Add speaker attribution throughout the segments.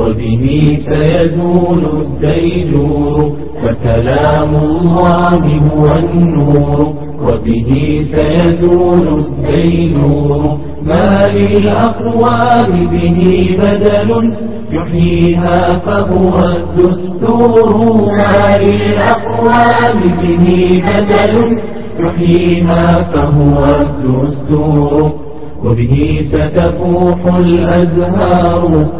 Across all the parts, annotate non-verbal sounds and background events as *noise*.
Speaker 1: وبه سيزول الديجور فكلام الله هو النور وبه سيزول الدينور ما للأقوام به بدل يحييها فهو الدستور ما للأقوام به بدل يحييها فهو الدستور وبه ستفوح الأزهار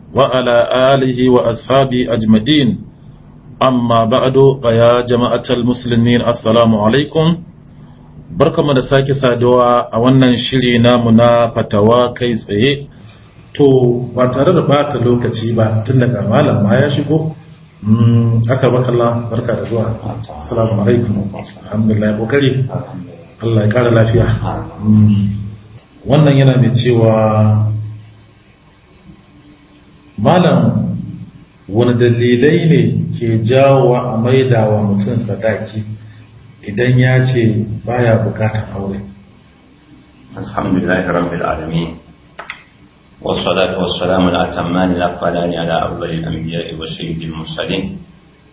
Speaker 2: وعلى آله وأصحابه أجمعين أما بعد فيا جماعة المسلمين السلام عليكم barka mu da sake saduwa a wannan shiri namu na fatawa kai tsaye to ba tare da bata lokaci ba tun daga malam ya shigo aka bakalla barka da zuwa assalamu alaikum alhamdulillah kokari Allah ya kara lafiya wannan yana mai cewa malam wani dalilai ne ke jawo a maidawa mutum sadaki idan ya ce baya bukatan aure
Speaker 3: alhamdulillahi rabbil alami wasu wasu al'atamani lafada ne ala abubuwan al'amiya iwa shaidin musalin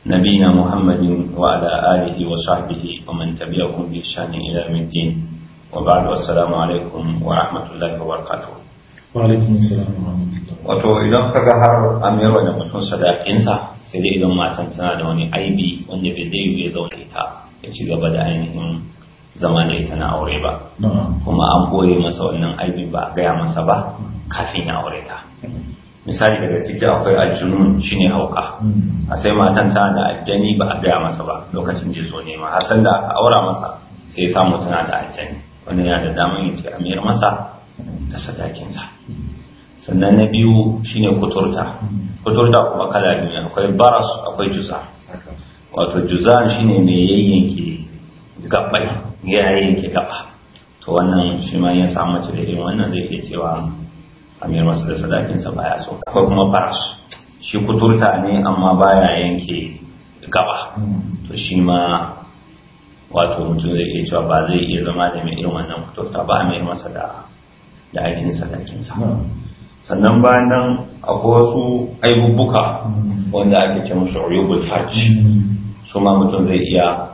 Speaker 3: nabi muhammadin wa ala alihi wa sahbihi wa man tabi'a kundin shanin ila wa wasu alaikum wa rahmatullahi wa barkatu. wato idan ka ga har an yi da mutum sadakinsa sai dai idan matan tana da wani aibi wanda bai dai bai zaune ita ya ci gaba da ainihin zama da ita na aure ba kuma an boye masa wannan aibi ba a gaya masa ba kafin ya aure ta misali daga ciki akwai aljunun shine hauka hmm. a sai matan tana da aljani ba a gaya masa ba lokacin da ya zo nema har da aka aura masa sai ya samu tana da aljani wani yana da damar ya ce a masa da sadakinsa sannan na biyu shine kuturta kuturta kuma kala biyu akwai baras akwai juza wato juza shine mai yayyanke gabbai ya yayyanke gaba to wannan shi ma ya samu mace da irin wannan zai iya cewa amir masa da sadakinsa baya so akwai kuma baras shi kuturta ne amma baya yanke gaba to shi ma wato mutum zai iya cewa ba zai iya zama da mai irin wannan kuturta ba mai masa da da ake ake sadakinsa sannan bayan nan akwai wasu aibubuka wanda ake ce musu uyubul farj su ma mutum zai iya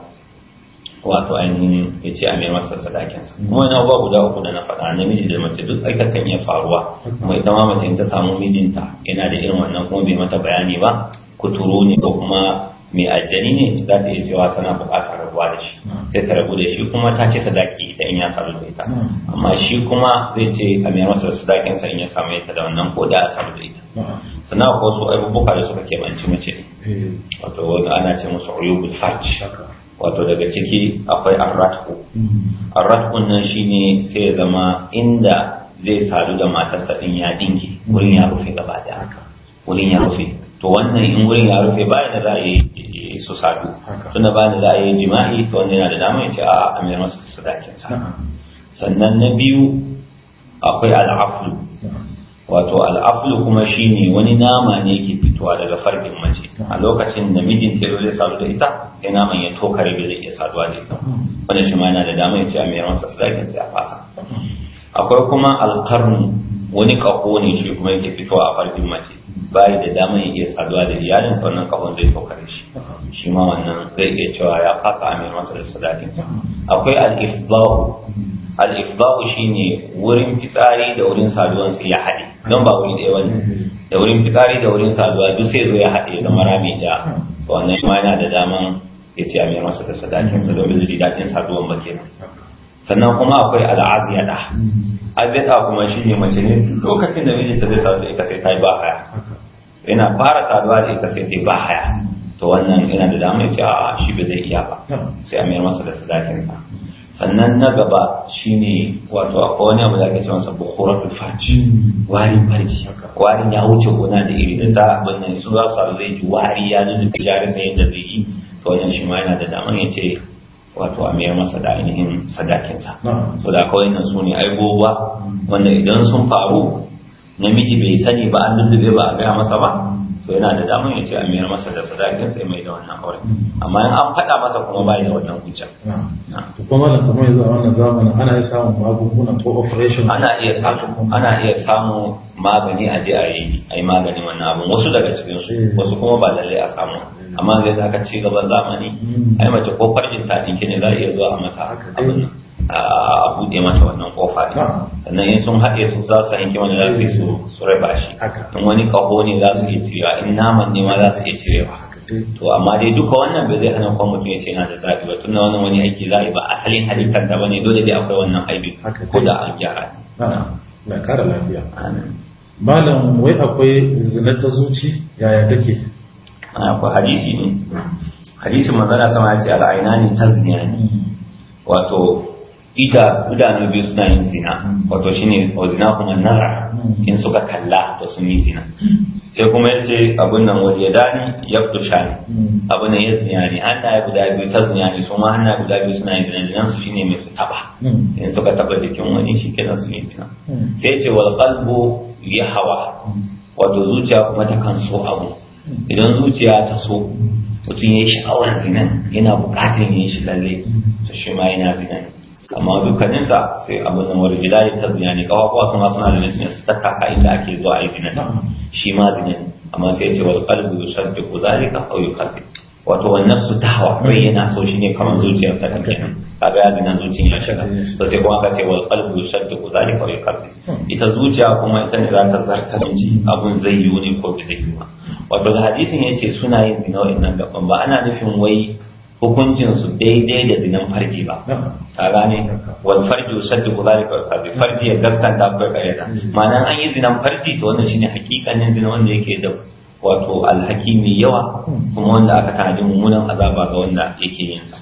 Speaker 3: wato ainihin ya ce a mai masa sadakinsa kuma yana ba guda uku da na faɗa na namiji da mace duk aika kan iya faruwa kuma ita ma mace ta samu mijinta yana da irin wannan kuma bai mata bayani ba kuturu ne ko kuma mai ajani ne za ta iya cewa tana buƙatar rabuwa da shi sai ta rabu da shi kuma ta ce sadaki ita in ya samu da ita hmm. amma shi kuma zai ce a mai masa sadakin sa in ya samu ita da wannan ko da a samu da ita hmm. sannan akwai wasu abubuwa da suka manci mace eh. wato wanda ana ce musu uyubul farj wato daga ciki akwai arratku hmm. arratkun nan shine sai ya zama inda zai sadu da matarsa din ya dinki wurin ya rufe gaba da wurin ya rufe to wannan in wurin ya rufe bayan da za a yi so sadu tunda ba ni ra'ayi jima'i to wanda yana da dama ya ce a amir masa sadakin sa sannan na biyu akwai al'aflu wato al'aflu kuma shine wani nama ne yake fitowa daga farkin mace a lokacin da mijin ta zai sadu da ita sai naman ya tokare bai zai iya saduwa da ita wanda shi ma yana da dama ya ce amir masa sadakin sa ya fasa akwai kuma alqarnu wani ƙaho ne shi kuma yake fitowa a farkin mace bai da dama ya iya saduwa da iyalin sannan kafin zai saukare shi shi ma wannan zai iya cewa ya kasa amir masa da sadakinsa akwai al-ifdahu al-ifdahu shine wurin fitsari da wurin saduwan sai ya haɗe don ba wuri ɗaya bane da wurin fitsari da wurin saduwa duk sai zo ya haɗe marami rami da wannan shi ma yana da dama ya ce amir masa da sadakinsa bai ji daɗin saduwan ba kenan sannan kuma akwai al-aziyada addu'a kuma shi ne mace ne lokacin da mijinta zai sadu da ita sai ta yi ba haya yana fara saduwa da ita sai ta yi ba haya to wannan ina da damar a shi ba zai iya ba sai a mayar masa da sa sannan na gaba shine wato a kowane abu da ake cewa bukhuratul farji warin farji warin ya wuce gona da iri da ta abin su za su zai ji wari ya nuna tijarin sai yadda zai yi to wannan shi ma yana da damar ya ce wato a mayar masa da ainihin sadakinsa so da kawai nan su ne aibobuwa wanda idan sun faru namiji bai sani ba an lullube ba a gaya masa ba to yana da damar ya ce a mayar masa da sadakin sai mai da wannan aure hmm. amma in an faɗa masa kuma ba da wannan hujja
Speaker 2: to kuma da kuma yanzu a wannan zamanin ana iya samun magunguna ko operation
Speaker 3: ana iya samun ana iya magani a je a yi a yi maganin wannan abin wasu daga cikin su hmm. wasu kuma ba lallai a samu amma zai za ka ci gaba zamani hmm. ai mace ko farjin ta dinki ne za iya zuwa a mata abin a buɗe mata wannan kofa ne sannan in sun haɗe su za su hanki wani za su yi su raba shi in wani ƙaho ne za su iya cirewa in naman ne ma za su iya cirewa to amma dai duka wannan bai zai hana kuma mutum ya ce yana da zaɓi ba tunda wannan wani aiki yi ba a halin halittar da bane dole dai akwai wannan aibi ko da an gyara na kara lafiya
Speaker 2: malam wai akwai zina ta zuci yaya take
Speaker 3: ko hadisi ne hadisin manzala sama ya ce al'ainani tazniyani wato ita idanu biyu suna yin zina wato shine wa zina kuma nara in suka kalla da sun yi zina sai kuma ya ce abin nan wani ya dani ya fito shani abin nan ya zina ne ya guda biyu ta zina ne su ma ya guda biyu suna yin zina zinan su shine mai su taba in suka taba jikin wani shi kenan su yi zina sai ya ce wal ya hawa wato zuciya kuma ta kan so abu idan zuciya ta so mutum ya yi sha'awar zinan yana bukatar ya yi shi lalle ta shi ma yana zinan amma dukkaninsa sai abin da wani jidali ta zina ne kawakuwa su suna da nisnin su takaka inda ake zuwa a yi zinan shi ma zinan amma sai ce wal qalbu ka zalika yi yukaththib wato wannan su ta hawa kai yana so shi ne kamar zuciyar sa kake kaga ya zina zuciyar ya shiga to sai kuma ka ce wal qalbu yusaddiqu zalika wa qalbi ita zuciya kuma ita ne za ta zartar ji abun zai yiwu ne ko bai yiwu ba wato da hadisin yace suna yin zina wa'annan gaban ba ana nufin wai hukuncin su daidai da zinan farji ba ta gane wal farji saddu zalika wal farji farji ya gaskanta ko karyata ma'ana an yi zinan farji to wannan shine hakikanin zina wanda yake da wato alhaki mai yawa hmm. kuma wanda aka tanadi mummunan azaba ga wanda yake yin sa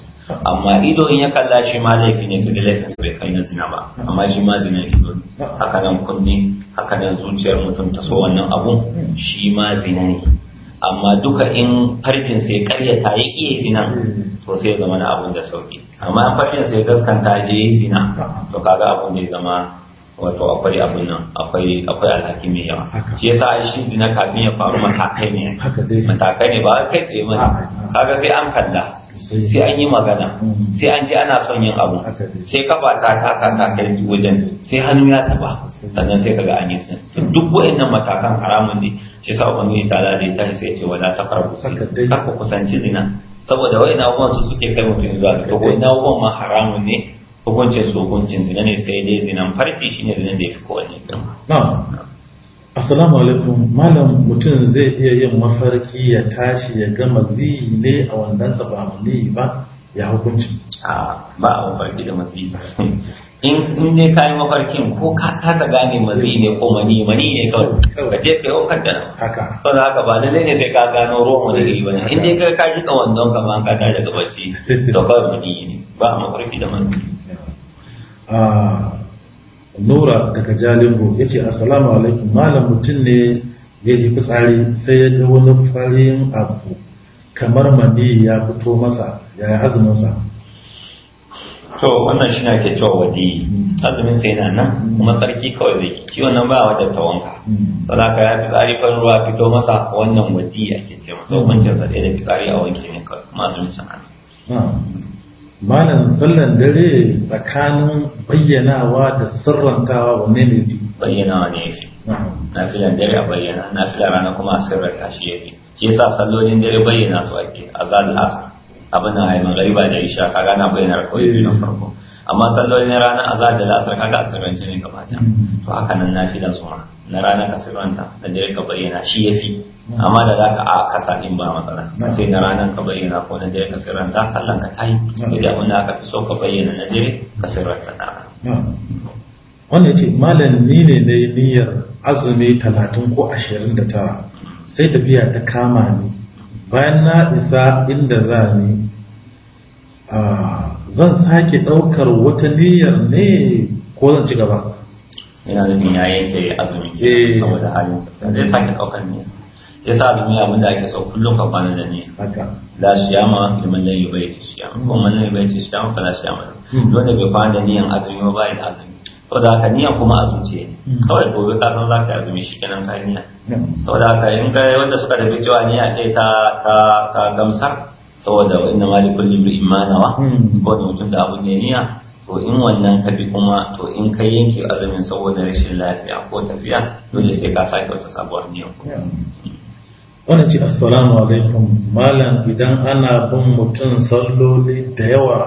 Speaker 3: amma ido in ya kalla shi ma laifi ne sai da laifin bai kai na zina ba amma shi ma zina ido haka nan kunne haka nan zuciyar mutum ta so wannan abun shi ma zina ne amma duka in farfin sai karyata ya iya zina to sai zama na abun da sauki amma farfin sai gaskanta je zina to kaga abun da ya zama wato akwai abin nan akwai akwai alhaki mai yawa shi yasa shi dina kafin ya faru matakai ne matakai ne ba kai ce mana kaga sai an kalla sai an yi magana mm. sai an ji ana son yin abu sai kafa ta taka ta kai wajen sai hannu ya taba sannan sai kaga an yi sun mm. duk wayannan matakan haramun ne shi yasa ubangiji ta dai ta sai ce wala taqrabu kar ku kusanci dina saboda wayannan abubuwan su suke kai mutum zuwa ga to wayannan abubuwan ma haramun ne hukuncin su hukuncin zina ne sai dai zinan farki shine zinan da ya fi kowanne girma
Speaker 2: assalamu alaikum malam mutum zai iya yin mafarki ya tashi ya gama
Speaker 3: ziyi a wandansa ba ne ba ya hukunci a ba a mafarki da ba. in ne ka yi mafarkin ko ka kasa gane mazi ne ko mani mani ne kawai ka je ka yi da nan. haka to da haka ba lallai ne sai ka gano ruwan wani gari bane in dai ka ka jika wandon ka an ka tashi daga bacci to kawai mani ne ba a mafarki da mazi.
Speaker 2: a nura daga jalingo ya ce assalamu alaikum malam mutum ne ya ji fitsari sai ya ga wani farin abu kamar mani ya fito masa ya yi azuminsa
Speaker 3: to wannan shi na ke cewa wadi hmm. azumin sai na nan hmm. kuma tsarki kawai zai ki? nan ba wajen ta wanka hmm. ka ya fitsari farin ruwa fito masa wannan wadi ake ce masa wancan sa da fitsari a wanke ne kawai kuma azumin
Speaker 2: malam sallan dare tsakanin
Speaker 3: bayyanawa da sirrantawa wa ne fi bayyanawa ne na filan dare a bayyana na nafilan rana kuma a sirranta shi yafi shi yasa sallolin dare bayyana su ake a zalil asr abin nan haiman gariba da isha kaga na bayyana kawai biyu eh. na farko amma sallolin rana a zalil asr kaga a sirrance ne gaba hmm. to haka nan nafilan su ma na rana ka sirranta da dare ka bayyana shi ya fi. amma da za ka a kasa in ba matsala a ce na ranar ka bayyana ko na dare ka sirranta sallan ka tayi idan abin da aka fi so ka bayyana na dare ka sirranta na
Speaker 2: rana wanda ya ce malam ni ne na yi niyyar azumi talatin ko ashirin da tara sai tafiya ta kama ni bayan na isa inda za ni zan sake ɗaukar wata niyyar ne ko zan ci gaba
Speaker 3: yana da ya yanke azumi eh. saboda halin sa zai sake ɗaukar niyyar ya sa abin yawon da ake sau kullum ka kwana da ne la siyama liman lam yubayti siyama ce man lam yubayti siyama fala siyama hmm. wanda bai kwana da niyan azumi ba da azumi saboda haka niyan kuma azumce ne hmm. kawai gobe ka san zaka azumi shikenan ka niyya hmm. saboda haka in kai wanda suka da cewa niyya ɗaya ta ta ta gamsar saboda inna ma likulli imrin imanawa ko da mutum da abu ne niyya to in wannan ka bi kuma to in kai yanke azumin saboda rashin lafiya ko tafiya dole sai ka sake wata sabuwar niyya
Speaker 2: wannan ce assalamu alaikum malam idan ana bin mutum salloli da yawa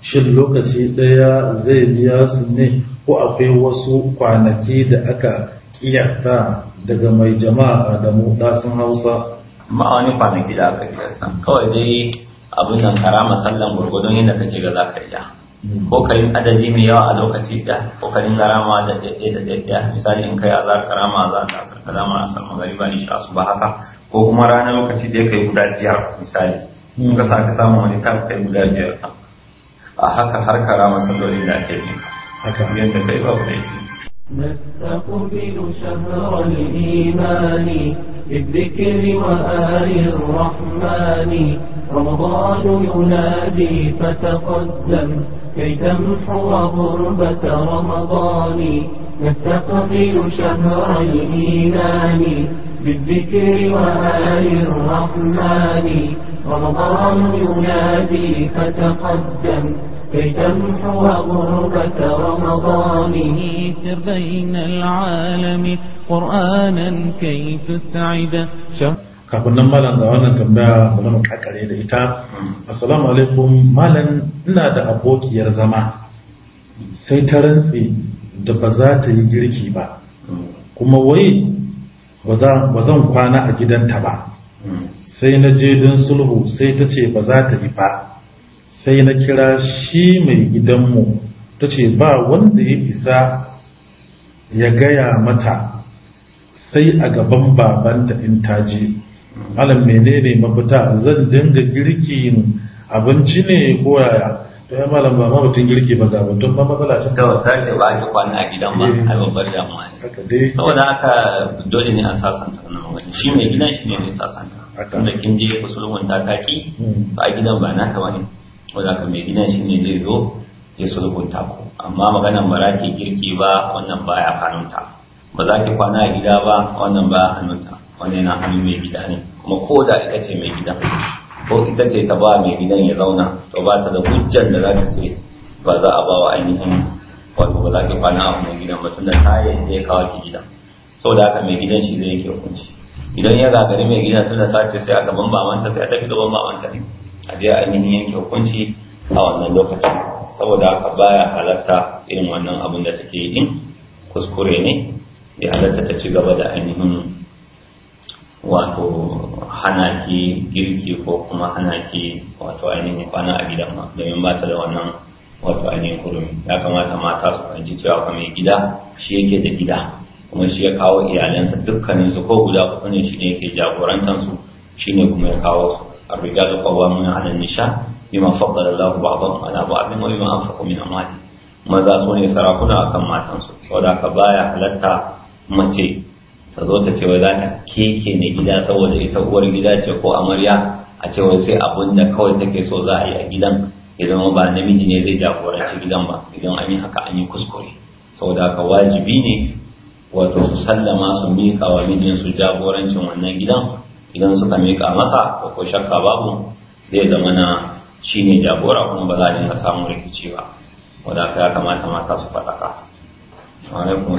Speaker 2: shin lokaci daya zai biya su ne ko akwai wasu kwanaki da aka kiyasta daga mai jama'a da mu
Speaker 3: sun hausa ma'aunin kwanaki da aka kiyasta kawai dai abin nan karama sallan gurgudun yadda take ga za ka iya hmm. ko ka yi adadi mai yawa a lokaci ɗaya ko ka rama da ɗaya da misali in kai a azar karama azar da zama a asar magariba ni sha su ba haka ko kuma rana lokaci da kai guda jiyar misali in ka sa ka samu wani tab kai guda biyar a haka har ka rama sallolin da ake yi haka biyan da kai ba ku laifi
Speaker 1: نستقبل شهر الإيمان بالذكر وآل الرحمن رمضان ينادي فتقدم كي تمحو غربة رمضان نستقبل شهر الإيمان بالذكر وآل الرحمن رمضان ينادي فتقدم كي تمحو غربة رمضانه سر بين العالم قرآنا
Speaker 2: كي تسعد kafin nan malam ga wannan tambaya ba mu kakare da ita assalamu alaikum malam ina da abokiyar zama sai ta rantse da ba za ta yi girki ba kuma wai ba zan kwana a gidanta ba sai na je don sulhu sai ta ce ba za ta yi ba sai na kira shi mai gidanmu ta ce ba wanda ya isa ya gaya mata sai a gaban babanta in ta je. alam menene mafita zan dinga girkin abinci ne ko yaya to eh, ya malam ba mutum girki ba zaɓa don ba
Speaker 3: matsala ce ta wata ce ba ake kwana a gidan ba eh. a babbar damuwa ce saboda haka dole ne a sasanta wannan wani shi mai gidan shi ne mai sasanta tunda kin je ku sulhun ta kaki hmm. ba a gidan ba naka wani wanda ka mai gidan shi ne zai zo ya sulhunta ku amma maganan ba ke girki ba wannan ba ya hannunta ba za ki kwana a gida ba wannan ba hannunta wannan yana hannun mai gida ne kuma ko da ita ce mai gida ko ita ce ta ba mai gidan ya zauna to ba ta da hujjar da za ta ce ba za a ba wa ainihin wato ba za ki kwana a mai gidan ba tun da ta yi ya kawo ki gidan da haka mai gidan shi zai yake hukunci idan ya gagari mai gidan tun da ce sai a gaban wanta, sai a tafi gaban wanta ne a je ainihin yanke hukunci a wannan lokacin saboda haka baya halarta irin wannan abin da take yi kuskure ne ya halarta ta ci gaba da ainihin wato hana ki girki ko kuma hana ki wato ainihin kwana a gidan ma domin ba ta da wannan wato ainihin kurumi ya kamata mata su fahimci cewa fa mai gida shi yake da gida kuma shi ya kawo iyalansa dukkaninsu ko guda uku ne shi ne yake jagorantansu shi ne kuma ya kawo su nisha الرجال قوامون على ba ba فضل ba abin wani ma وبما انفقوا min اموالهم maza su ne sarakuna akan kan matansu saboda ka baya halatta mace ta zo ta ce wai za ta keke ne gida saboda ita uwar gida ce ko amarya a ce wai sai abun da kawai take so za a yi a gidan ya zama ba namiji ne zai jagoranci gidan ba idan an yi haka an yi kuskure saboda haka wajibi ne wato su sallama su mika wa mijin su jagorancin wannan gidan idan suka mika masa ko shakka babu zai zama na shi ne jagora kuma ba za a dinga samun rikici ba wadaka ya kamata mata su faɗaka. Wa alaikum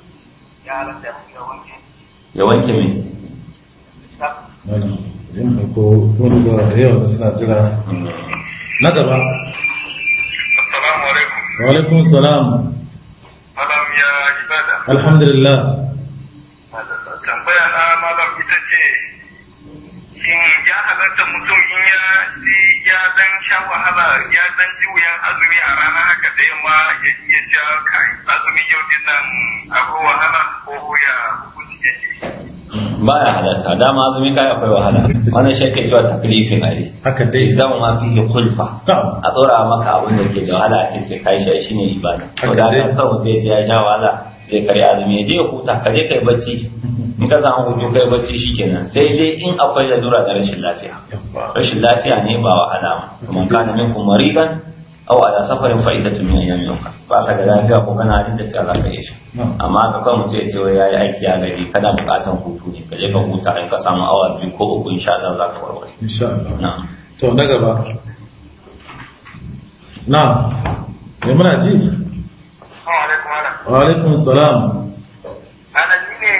Speaker 3: ya wanke da
Speaker 2: suna jira na gaba assalamu wa alaikum salam alam ya alhamdulillah
Speaker 1: shin ya halarta mutum in ya
Speaker 2: ji ya dan sha wahala ya dan ji wuyan azumi a rana haka da yamma ya iya sha kai azumi
Speaker 3: yau din nan abu wahala ko ya hukunci yake ba ya da dama azumi kai akwai wahala wannan shi kai cewa taklifin ali haka dai zama ma fi da kulfa a tsora maka abin da ke da wahala a cikin sai kai shi shine ibada to da haka kawai sai ya sha wahala sai kare azumi ya je ya huta ka je kai bacci in ka samu hutu kai bacci shikenan sai dai in akwai lalura da rashin lafiya rashin lafiya ne ba wa alama kuma kana ku maridan aw ala safarin fa'idatun min ayyamin ba ka da lafiya ko kana da tafiya za ka yi shi amma ka kawai mutum ya ce wai yayi aiki ya gari kana bukatan hutu ne ka je ka huta in ka samu awa biyu ko uku insha Allah za warware
Speaker 2: insha Allah to na gaba na me muna ji wa salam
Speaker 1: ana ni ne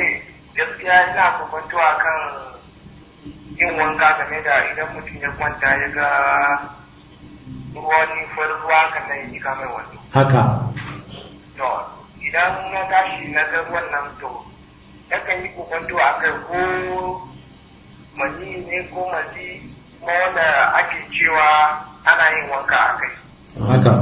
Speaker 1: gaskiya ina a akan yin wanka game da idan mutum ya kwanta ya ga wani farko haka na yi kamar wani haka to idan na tashi na ga wannan to yakan yi kokonto a kai ko mani ne ko mazi kuma wanda ake cewa ana yin wanka a kai. Haka.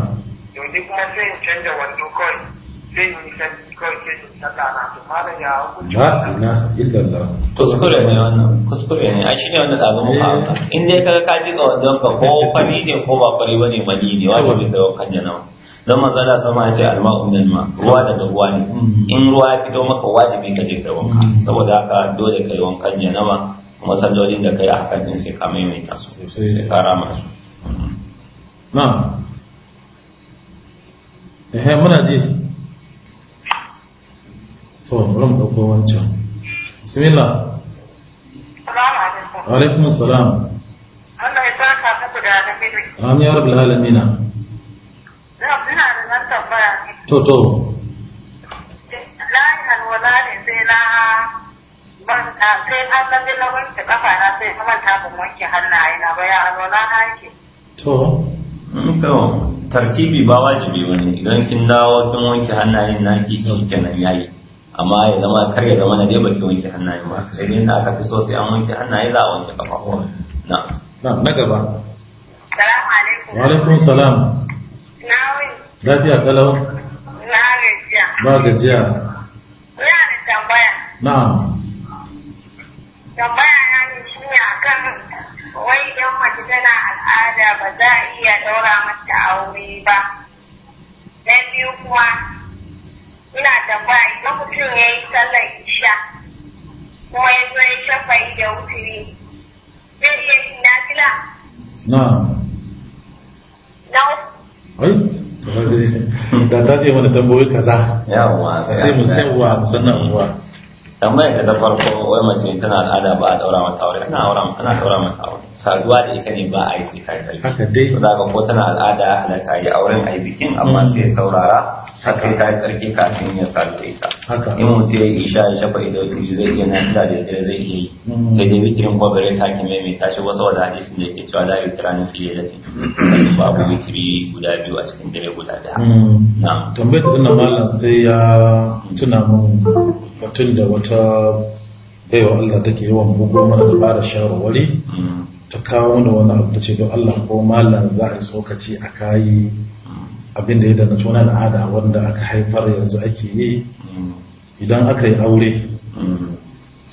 Speaker 1: Yanzu kuma sai in canja wando kawai. sai wani kanti kawai sai su saka na to malam ya
Speaker 2: hukunci na
Speaker 3: illallah kuskure ne wannan kuskure ne a shine wannan da mu fara in dai kaga ka ji wannan ka ko fari ne ko ba fari bane mali ne wato bin da kan jana dan manzala sama ya ce alma'u min ma ruwa daga ruwa ne mm. in ruwa ya fito maka wajibi ka je wanka mm. saboda haka dole kai wankan janaba kuma sallolin da kai a hakan din sai ka maimaita su sai ka rama su Na
Speaker 2: eh muna ji to ran ɗauko wancan bismillah assalamu alaikum Allah ya saka muku da alheri amin ya rabbal alamin na
Speaker 1: ina da nan
Speaker 2: tambaya to to la alwala
Speaker 1: ne sai na banta sai an lalle na wanke kafa na sai kuma ta ban wanke hannaye na ba ya alwala na yake
Speaker 3: to tartibi ba wajibi ne idan kin dawo kin wanke hannayen naki kenan yayi amma ya zama kar ya zama na dai baki wanke hannaye ba sai dai inda aka fi so sai an wanke hannaye za a wanke ko na na na gaba
Speaker 2: salamu alaikum wa alaikum salam na wai lafiya kalau
Speaker 1: na gajiya ba gajiya ina da tambaya na tambaya na ne shi ne akan wai idan mace tana al'ada ba za a iya daura mata aure ba na biyu kuma in mutum ya yi sallar isha kuma ya zo ya shafa'i da wuturi zai iya
Speaker 2: na *laughs* da ta ce mana tamboyi kaza yawa sai mu sai
Speaker 3: wa sannan uwa tambayar ta farko wai mace tana al'ada ba a daura mata aure ana aura ana daura mata aure saduwa da ita ne ba a yi sai kai sai haka dai to daga ko tana al'ada halaka yi auren ai bikin amma hmm. sai saurara har sai ta tsarki kafin ya sadu da ita in mutum ya yi isha ya shafa ido to zai iya nan da da zai iya yi hmm. sai dai bikin ko bare ta ki mai ta shi wasu wada hadisin da yake cewa la yutranu fi lailati babu bitiri guda biyu a cikin dare guda daya hmm. na tambayar da wannan
Speaker 2: malam sai ya tuna mun mutum da wata baiwa Allah take yawan bugo mana da bada shawarwari ta kawo mana wani abu da ce don Allah ko malam za a yi tsokaci a kayi abinda da ya dana tona al'ada wanda aka haifar yanzu ake yi idan aka yi aure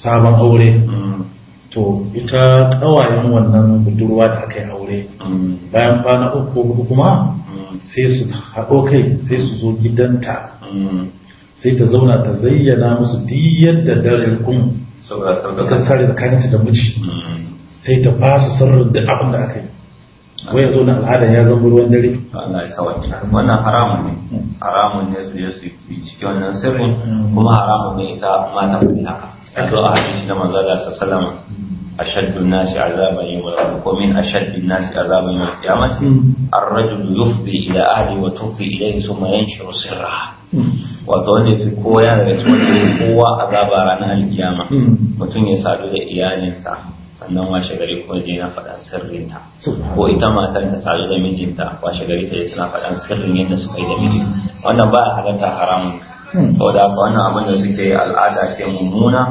Speaker 2: sabon aure to ita ƙawayen wannan budurwa da aka yi aure bayan kwana uku kuma sai su haɗo kai sai su zo gidanta sai ta zauna ta zayyana musu diyar da daren kun ta tsare tsakaninta da miji mm. sai ta ba su da abin da aka yi
Speaker 3: wai ya zauna al'ada ya zama ruwan dare Allah ya sawaki wannan haramun ne mm. haramun ne su je su bincike wannan sirrin kuma haramun ne ita mata ku haka to a hadisi da manzo Allah sallallahu أشد الناس عذابا يوم القيامة ومن أشد الناس عذابا يوم القيامة الرجل يفضي إلى أهله وتفضي إليه ثم ينشر سرها wato wanda ya fi koya daga cikin kowa azaba ranar alkiyama hmm. mutum ya sadu da iyalinsa sannan washe gari ko je na faɗan sirrinta ko ita matar ta sadu da mijinta washe gari ta je suna faɗan sirrin yadda suka yi da miji wannan ba halarta haramun hmm. da haka wannan abin da suke al'ada ce mummuna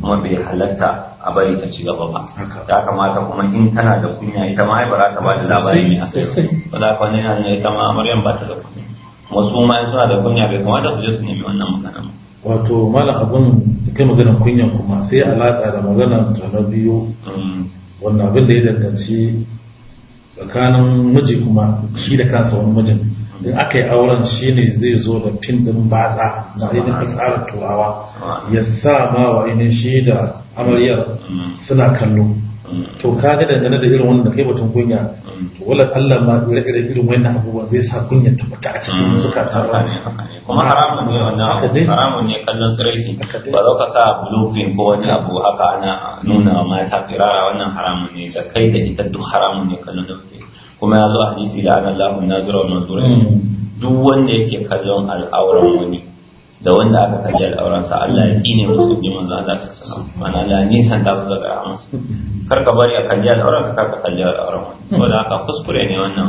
Speaker 3: kuma bai halarta a bari ta ci gaba ba ya kamata kuma in tana da kunya ita ma ba ta ba da labari ne a sai sai za ka yana ita ma maryam ba ta da wasu ma suna da kunya bai kamata su je su nemi wannan ba.
Speaker 2: wato malam abin kai maganar kunya kuma sai alaƙa da maganar tana
Speaker 3: biyu mm. wannan abin da ya danganci
Speaker 2: tsakanin miji kuma shi da kansa wani mijin in aka yi auren shi ne zai zo da fim ɗin batsa na ainihin tsarin turawa ya sa ma wa ainihin shi da amaryar mm. suna kallo to ka ga dangane da irin wannan kai batun kunya to wala Allah ma ire ire irin wannan abubuwa zai sa kunya ta fita a
Speaker 3: cikin suka ta kuma haramun ne wannan haramun ne kallon sirri ba za ka sa blueprint ko wani abu haka ana nuna wa mata tsirara wannan haramun ne da kai da ita duk haramun ne kallon da kuma ya zo hadisi da anallahu nazira wa manzura mm. duk wanda yake kallon al'auran wani da wanda aka al'auran al'auransa Allah ya tsine musu ne manzo Allah su sana mana la nisan da su daga rahamansa kar ka bari a kaji al'auran ka ka kalli al'auran saboda haka kuskure ne wannan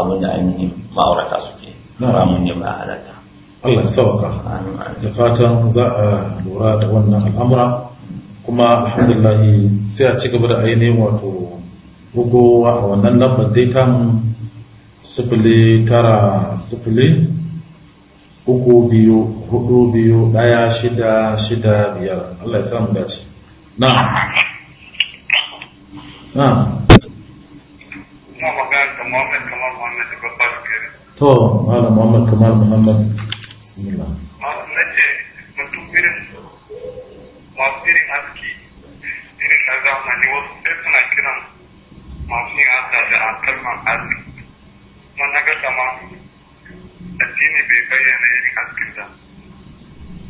Speaker 3: abin da ainihin ma'aurata suke haramun ne ba halatta
Speaker 2: Allah ya sauka da fatan za a lura da wannan al'amura kuma alhamdulillah sai a ci gaba da ainihin wato bugowa a wannan lambar dai tamu sifili tara sifili uku biyu hudu biyu daya shida shida biyar Allah ya samu dace na na to malam muhammad kamar muhammad bismillah na ce mutum irin
Speaker 1: masu irin aski irin na zamani wasu sai suna kiran masu yin asa da kalmar aski kuma na ga kama addini bai bayyana irin askin da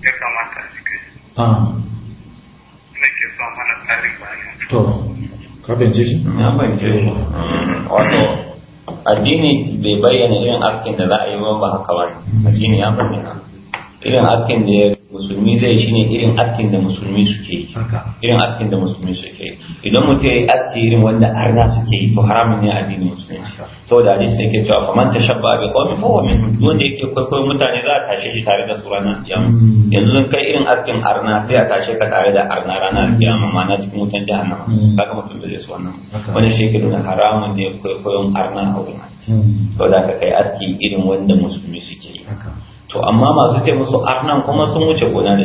Speaker 1: ya kamata a cikin
Speaker 2: ah. mana
Speaker 3: wato addini bai bayyana irin askin da za a yi ba haka a shi ne ya irin askin da musulmi zai shi ne irin askin da musulmi suke yi irin askin da musulmi suke yi idan mutum ya aski irin wanda arna suke yi to haramun ne addinin musulunci saboda hadis ne ke cewa faman tashabba bi qawmi fa huwa minhum wanda yake kwaikwayo mutane za a tashe shi tare da su ranar kiyama hmm. yanzu zan kai irin askin arna sai a tashe ka tare da arna ranar kiyama ma'ana cikin wutan jahannama hmm. kaga mutum da zai su wannan wani shekaru ke haramun ne kwaikwayon arna a wurin aski hmm. saboda ka kai aski irin wanda musulmi suke yi to amma masu ce musu arnan kuma sun wuce gona ne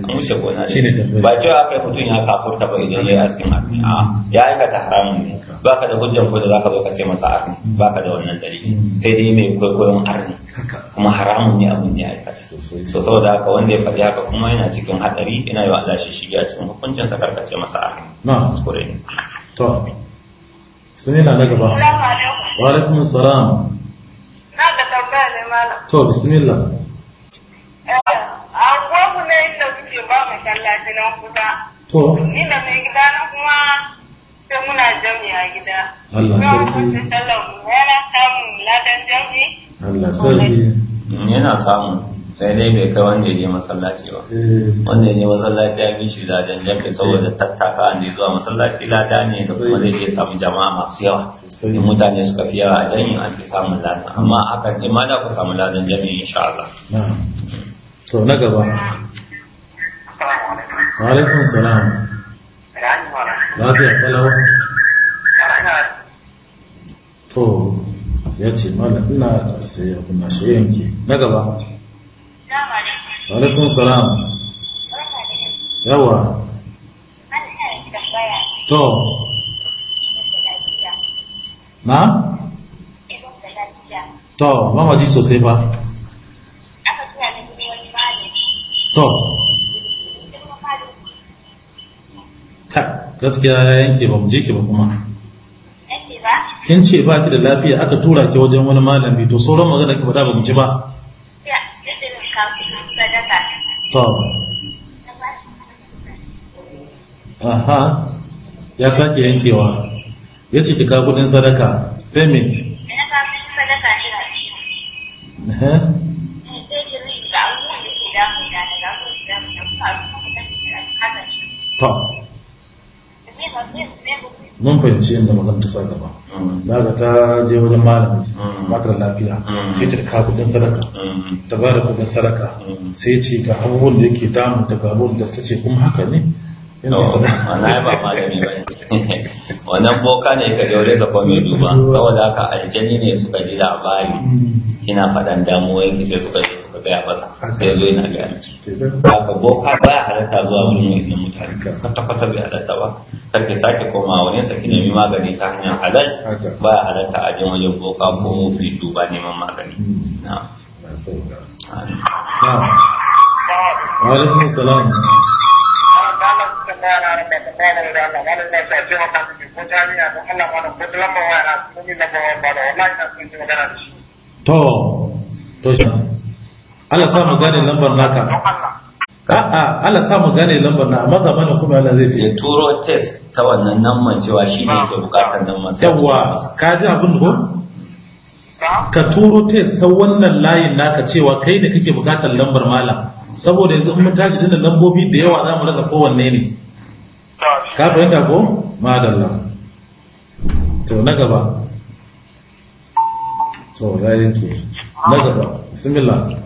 Speaker 3: Sun wuce gona ne ba cewa kai mutum ya kafurta ba idan yayi askin arni a ya aikata haramun ne baka da hujjan ko da zaka zo ka ce masa arni baka da wannan dalili hmm. sai dai mai kwaikwayon arni kuma haramun ne abin ya aikata so saboda haka wanda ya faɗi haka kuma yana cikin hatsari ina yi wa Allah shi shiga cikin hukuncin sa karkace masa arni na kuskure ne to
Speaker 2: sai na gaba wa alaikum salam
Speaker 1: na ga tambaya ne malam
Speaker 2: to bismillah
Speaker 1: A gobu ne inda suke ba mu masallaci nan kusa. To. Ni da mai gida na kuma sai muna jami a gida. Allah sarki. Yana samun ladan jami. Allah sarki. Mm, yana samun.
Speaker 3: sai dai bai kai wanda ya je masallaci ba eh. wanda ya je masallaci ya bishi ladan jami'a saboda tattaka da zuwa masallaci lada ne da kuma zai je samu jama'a masu yawa in mutane suka fi yawa a yin an fi samun ladan amma hakan ne ma da ku samu ladan jami'a insha Allah
Speaker 2: na gaba alaikun salam
Speaker 3: lafiya talawa
Speaker 2: to ya ce mala ina sai ya kuna shi na gaba alaikun salam yawa to na? to mamaji sosai ba to gaskiya ya yanke ba mu je ki ba kuma kin ce ba ki da lafiya aka tura ki wajen wani malami to sauran magana ki faɗa ba mu ji ba to aha ya sake yankewa ya ce ki ka kudin sadaka sai me sadaka ne ta mun fahimci yadda magana ta sarrafa mm. za ka ta je wajen malami mm. matar lafiya mm. sai ta ka kudin sadaka ta ba da kudin sadaka sai ce ga abubuwan da yake damu da gabuwan da ta ce kuma haka ne oh,
Speaker 3: *laughs* wannan boka ne ka jaure ka kuma mai duba saboda haka aljani ne suka ji labari kina faɗan damuwa yake sai suka gaya masa sai zo yana gaya haka ka ba ya halatta zuwa wani yankin mutane kwata kwata bai halatta ba karki sake koma wani saki nemi magani ta hanyar halal ba ya halatta a jin wajen boka ko fi duba neman magani hmm. na salam
Speaker 2: To, to shi. Allah sa mu gane lambar naka a'a Allah sa mu gane lambar na amma zamanin kuma Allah zai ya turo test ta wannan nan man cewa shi ne yake bukatar nan man yawa ka ji abin ko ka turo test ta wannan layin naka cewa kai da kake bukatar lambar malam saboda yanzu mun tashi dinda lambobi da yawa za mu rasa kowanne ne ka fahimta ko madalla to na gaba to ya yanke na gaba bismillah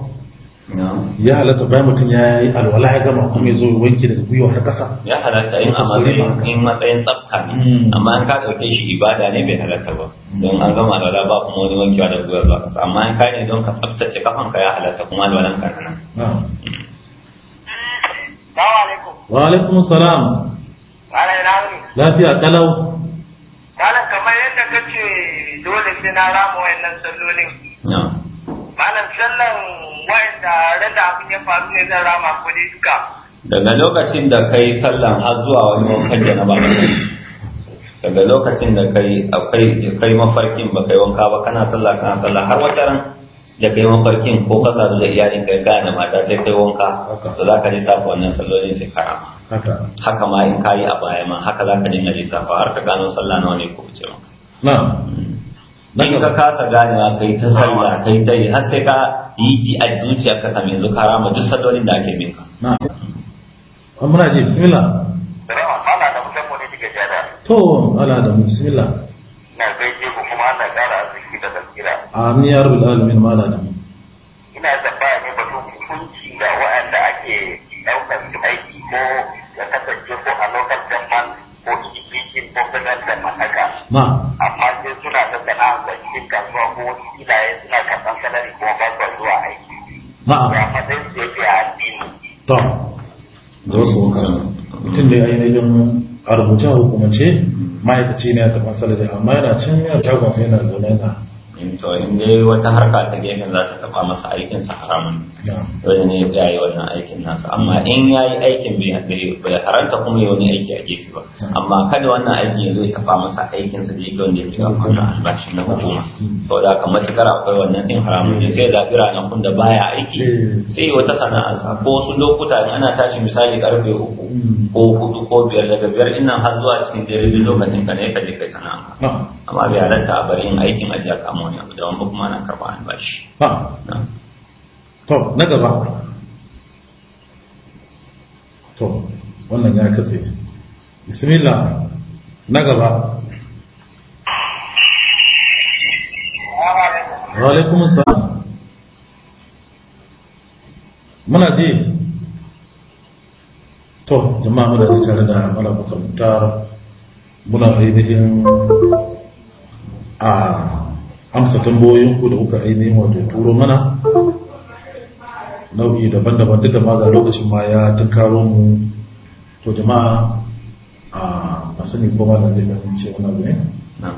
Speaker 2: ya halatta bayan mutum ya yi alwala ya gama kuma ya zo wanki daga gwiwa har kasa ya halatta in a matsayin
Speaker 3: matsayin tsafka ne hmm. amma in ka dauke shi ibada ne bai halatta ba don an gama alwala ba kuma wani wankewa daga gwiwa zuwa kasa amma in ka ne don ka tsaftace kafanka ya halatta kuma alwalan ka nan
Speaker 2: wa alaikum salam lafiya kalau
Speaker 1: kalau kamar yadda kace dole sai na rama wayannan sallolin malam sallan wanda abin ya faru ne zan rama ko dai duka
Speaker 3: daga lokacin da kai sallan har zuwa wani wankan ba daga lokacin da kai akwai kai mafarkin ba kai wanka ba kana sallah kana sallah har wata ran da kai mafarkin ko ka sadu da iyalin kai kana da mata sai kai wanka to za ka safa wannan sallolin sai karama haka ma in kayi a baya ma haka zaka ka dinga safa har ka gano sallah nawa ne ko ce na'am in ka kasa ganewa kai ta sallah kai ta yi har sai ka yi ji a zuciya ka same zu ka ma duk sallolin da ake binka na'am ah,
Speaker 2: muna ji bismillah to ala da bismillah
Speaker 3: na gaishe ku kuma Allah ya kara arziki da gaskiya amin
Speaker 2: ya rubuta alamin ma ala da ina tambaya ne ba hukunci da waɗanda ake
Speaker 3: daukar su aiki ko ya kasance ko a lokacin man ko cikin ko sanar da Na'am. amma suna da sana'a da kasuwa ko wasu filaye suna karɓar salari ko ba sa zuwa aiki ya fata su yake a addini
Speaker 2: to zo su wuka mutum da ya yi ainihin a rubuce hukumance ma'aikaci ne a taɓa salari amma yana can yana shagon sai yana zaune yana
Speaker 3: to in dai wata harka ta gefen za ta taba masa aikin sa haramun dole ne ya yi wannan aikin nasa amma in ya yi aikin bai haranta kuma ya wani aiki a gefe ba amma kada wannan aikin zai taba masa aikin sa da yake wanda yake gafa na albashin na hukuma da haka matukar akwai wannan din haramun ne sai ranar na da baya aiki eh. sai wata sana'a ko wasu lokuta in ana tashi misali karfe uku hmm. ko hudu ko biyar daga biyar ina har zuwa cikin dare lokacin ka ne ka je kai sana'a amma bai haranta a bari yin aikin ajiya kamar wani abu ba kuma ana albashi
Speaker 2: to na gaba to wannan ya bismillah na gaba salam. Muna ji. To, jama'a muna tare da mara bukamta muna ainihin amsa tambayoyinku da kuka ainihin wato turo mana nau'i daban-daban duk da ma ga lokacin ma ya tunkaro mu to jama'a a masu ne kuma da zai ce wani abu ne na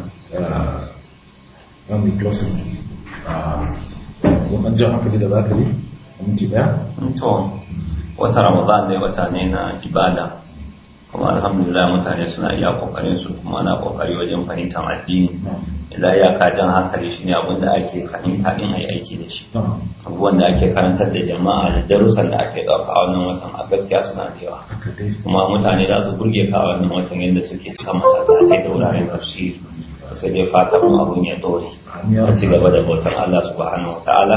Speaker 2: mai closing a
Speaker 3: wannan jan hankali da za ka yi a minti ɗaya? to wata ramadan ne wata ne na ibada kuma alhamdulillah mutane suna iya kokarin su kuma na kokari wajen fahimtar addini idan ya ka jan hankali shine abin da ake fahimta din ai aiki da shi abubuwan da ake karantar da jama'a da darussan da ake dauka a wannan watan a gaskiya suna da yawa kuma mutane za su burge ka a wannan watan yadda suke kama masallatai da wuraren tafsiri sai dai fata kuma abun ya dore a ci gaba da bautar Allah subhanahu ta'ala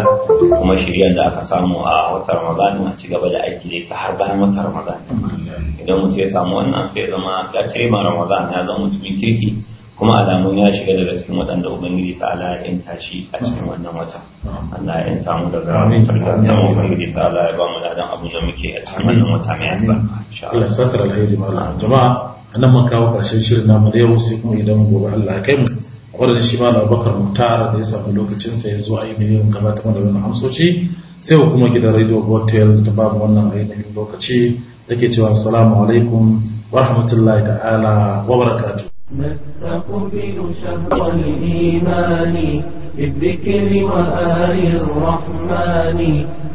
Speaker 3: kuma shirya da aka samu a wata Ramadan a ci gaba da aiki da ta har bayan wata Ramadan idan mutum ya samu wannan sai zama ya cire ma Ramadan ya zama mutumin kirki kuma alamun ya shiga daga cikin waɗanda ubangiji ta ala ya yanta shi a cikin wannan wata Allah ya yanta mu daga farkon ubangiji ta ala ya ba mu da abin da muke a cikin wannan wata mai albarka
Speaker 2: insha Allah jama'a nan mun kawo karshen shirin namu da yau sai kuma idan gobe Allah ya kai mu kwarin shi ma labakar mutara da ya samu lokacin sa ya zo a yi miliyan kuma da wani hamsoci sai kuma gidan radio hotel da babu wannan ainihin lokaci da ke cewa assalamu alaikum wa rahmatullahi ta'ala wa barakatuh
Speaker 1: نستقبل شهر الإيمان بالذكر وآل الرحمن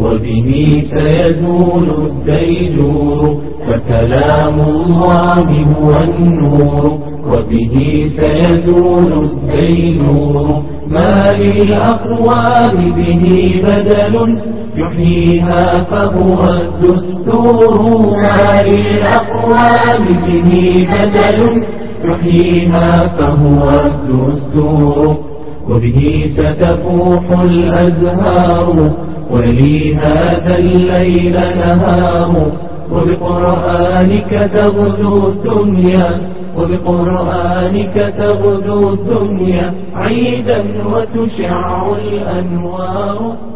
Speaker 1: وبه سيزول الديجور فكلام الله هو النور وبه سيزول الدينور ما للأقوام به بدل يحييها فهو الدستور ما للأقوام به بدل يحييها فهو الدستور وبه ستفوح الأزهار ولي هذا الليل نهاره وبقرآنك تغدو الدنيا وبقرآنك تغدو الدنيا عيدا وتشع الأنوار